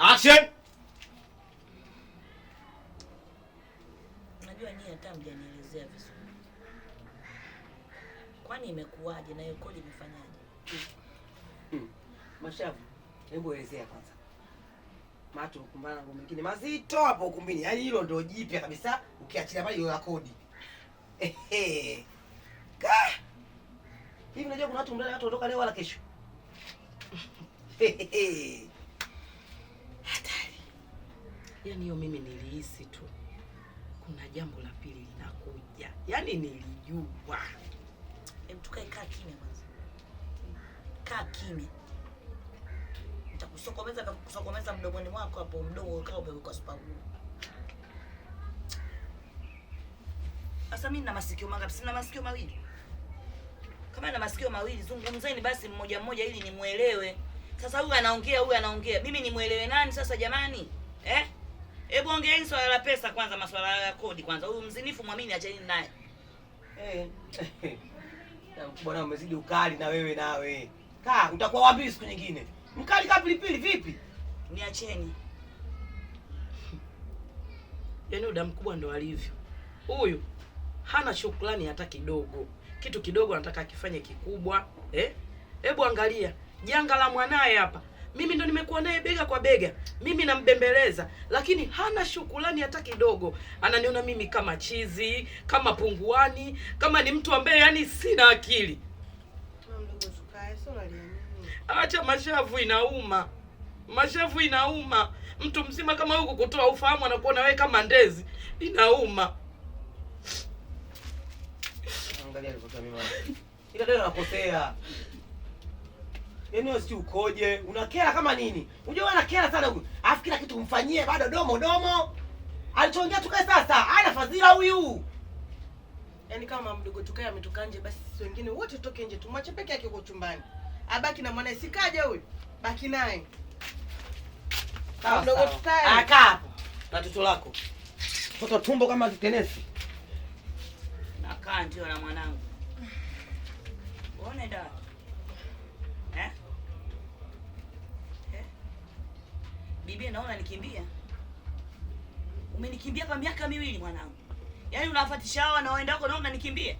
Action. Najua nyinyi hata mjanielezea vizuri. Kwani imekuwaje na ikoli imefanyaje? Hmm. Mashavu, hebu elezea kwanza. Matu kumbana na ngoma nyingine mazito hapo ukumbini. Yaani hilo ndio jipya kabisa ukiachilia mbali hiyo kodi. Ehe. Ka. Hivi najua kuna watu mndani watu kutoka leo wala kesho. Hehehe. Yaani hiyo mimi nilihisi tu kuna jambo la pili linakuja, yaani nilijua. Hebu tukae, kaa kimya kwanza, kaa kimya, nitakusokomeza kusokomeza mdomoni mwako hapo, mdomo ukaa umewekwa supagu. Sasa mimi nina masikio mangapi? Sina masikio mawili? Kama na masikio mawili, zungumzeni basi mmoja mmoja ili nimuelewe. Sasa huyu anaongea, huyu anaongea, mimi nimuelewe nani sasa jamani eh? kuongea ongeeni swala la pesa kwanza, maswala ya kodi kwanza. Huyu mzinifu mwamini acheni naye. Hey. Eh, eh, Bwana eh, umezidi ukali na wewe nawe. Kaa, utakuwa wapi siku nyingine? Mkali kama pilipili vipi? Niacheni. Yaani uda mkubwa ndo alivyo. Huyu hana shukrani hata kidogo. Kitu kidogo anataka akifanye kikubwa, eh? Hebu angalia janga la mwanaye hapa mimi ndo nimekuwa naye bega kwa bega, mimi nambembeleza, lakini hana shukulani hata kidogo. Ananiona mimi kama chizi, kama punguani, kama ni mtu ambaye yani sina akili. Acha mashavu, inauma. Mashavu inauma. Mtu mzima kama huyu kukutoa ufahamu, anakuona wewe kama ndezi, inauma. Yaani wewe ukoje? Unakera kama nini? Unajua wewe unakera sana huko. Alafu kila kitu umfanyie bado domo domo. Alichoongea tukae sasa. Ana fadhila huyu. Yaani kama mdogo tukae ametoka nje basi sisi wengine wote tutoke nje tumwache peke yake huko chumbani. Abaki na mwanae sikaje huyu. Baki naye. mdogo tukae. Aka hapo. Na toto lako. Toto tumbo kama tenesi. Nakaa ndio na mwanangu. Uone dada. Bibi, naona nikimbia. Umenikimbia kwa miaka miwili mwanangu. Yaani unawafatisha hawa na waendako naona nikimbia.